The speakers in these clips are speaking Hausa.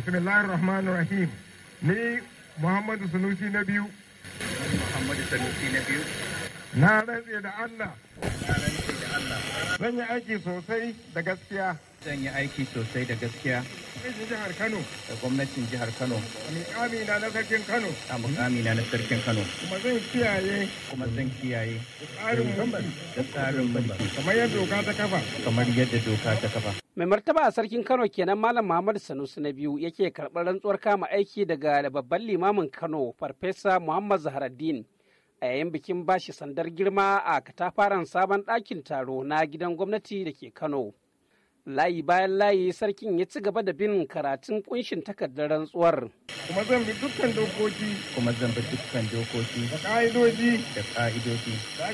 bismillahir rahmanir rahim ni muhammadu sanusi na biyu muhammadu sanusi na biyu na rantse da allah zan yi aiki sosai da gaskiya zan yi aiki sosai da gaskiya gwamnatin jihar Kano da gwamnatin jihar Kano a mukamina na sarkin Kano a mukamina na sarkin Kano kuma zan kiyaye kuma zan kiyaye tsarin mulki da tsarin mulki kamar yadda doka ta kafa kamar yadda doka ta kafa mai martaba a sarkin Kano kenan malam Muhammad Sanusi na biyu yake karɓar rantsuwar kama aiki daga babban limamin Kano farfesa Muhammad Zaharaddin a yayin bikin bashi sandar girma a katafaren sabon ɗakin taro na gidan gwamnati da ke Kano. layi bayan layi sarkin ya ci gaba da bin karatun kunshin takardar rantsuwar. Kuma zan bi dukkan dokoki. Kuma zan bi dukkan dokoki. Da ka'idoji. Da ka'idoji. Da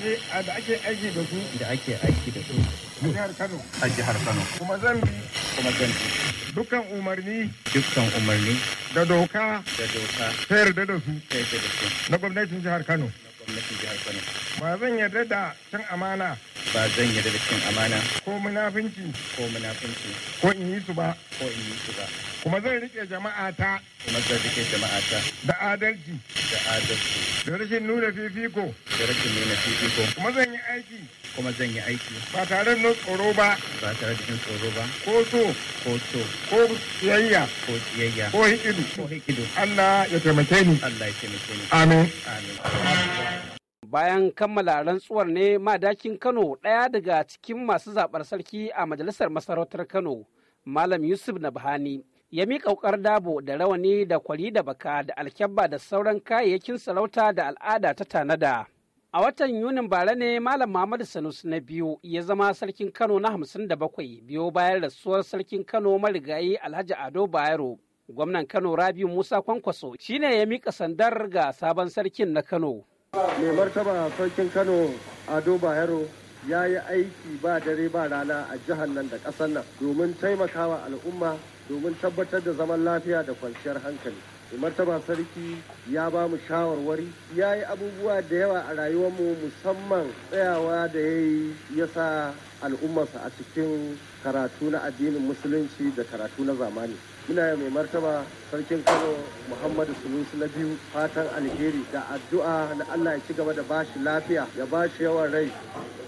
ake aiki da su. Da ake aiki da su. A jihar Kano. A jihar Kano. Kuma zan bi. Kuma zan bi. Dukkan umarni. Dukkan umarni. Da doka. Da doka. Ta yarda da su. Ta yarda da su. Na gwamnatin jihar Kano. Na gwamnatin jihar Kano. Ba zan yarda da can amana. ba zan yi da cin amana ko munafinci ko munafinci ko in yi su ba ko in yi su ba kuma zan rike jama'a ta kuma zan rike jama'a ta da adalci da adalci da rashin nuna fifiko da rashin nuna fifiko kuma zan yi aiki kuma zan yi aiki ba tare da tsoro ba ba tare da tsoro ba ko so ko so ko tsiyayya ko kiyayya. ko hikidu ko hikidu Allah ya taimake ni Allah ya taimake ni amin amin bayan kammala rantsuwar ne madakin kano ɗaya daga cikin masu zaɓar sarki a majalisar masarautar kano malam yusuf Nabhani, ya mika ƙaukar dabo da rawani da kwari da baka da alkyabba da sauran kayayyakin sarauta da al'ada ta tanada a watan yunin bara ne malam muhammadu sanusi na biyu ya zama sarkin kano na hamsin da bakwai biyo bayan rasuwar sarkin kano marigayi alhaji ado bayero gwamnan kano rabiu musa kwankwaso shine ya mika sandar ga sabon sarkin na kano mai martaba sarkin kano ado bayero ya yi aiki ba dare ba rana a jihar nan da ƙasar nan domin taimakawa al'umma domin tabbatar da zaman lafiya da kwanciyar hankali martaba sarki ya ba mu shawarwari ya yi abubuwa da yawa a rayuwarmu musamman tsayawa da ya yi ya sa al'ummarsa a cikin karatu na addinin musulunci da karatu na zamani muna mai martaba sarkin kano muhammadu sulusu na biyu fatan alheri da addu'a na allah ya ci gaba da bashi lafiya ya ba shi yawan rai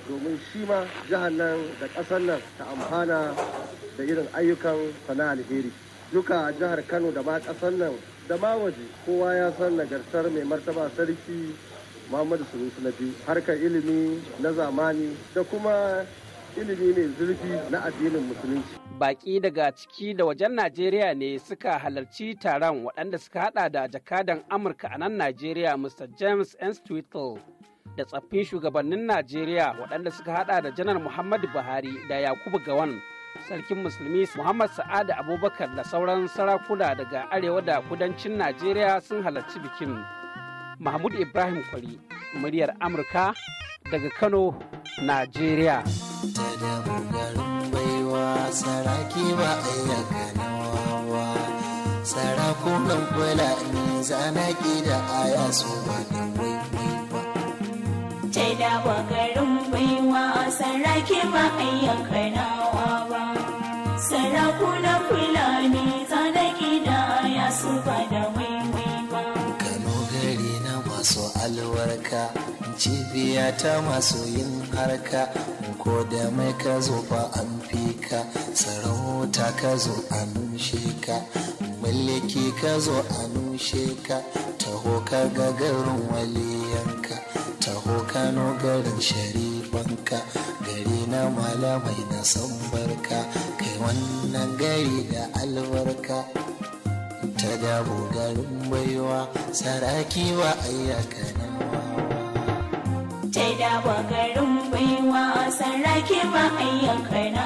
domin shi ma jihar nan da ƙasar nan ta amfana da irin ayyukan sana alheri duka jihar kano da ba ƙasar nan da ma waje kowa ya san nagartar mai martaba sarki muhammadu sunusu na biyu harkar ilimi na zamani da kuma ilimi mai zurfi na addinin musulunci baki daga ciki da wajen najeriya ne suka halarci taron waɗanda suka hada da jakadan amurka a nan najeriya mr james n da tsaffin shugabannin najeriya waɗanda suka hada da janar muhammadu buhari da yakubu gawan sarkin musulmi muhammad sa'ada abubakar da sauran sarakuna daga arewa da kudancin najeriya sun halarci bikin mahmud ibrahim kwari muryar amurka daga kano najeriya sarakunan fulani zanaki da aya su ba da ba. Jai da garin baiwa saraki ba ayyanka sarakunan fulani zanaki da ya da fada waiwaiwa kano gari na masu alwarka cibiya ta masu yin harka ko da mai ka zo ba an fi ka sarauta ka zo an ka mallaki ka zo an ka taho ka ga garin waliyanka taho kano garin sharifanka gari na malamai na san barka kai wannan gari da albarka ta dabo garin baiwa saraki wa ayyaka nan ta dabo garin baiwa saraki wa ayyaka nan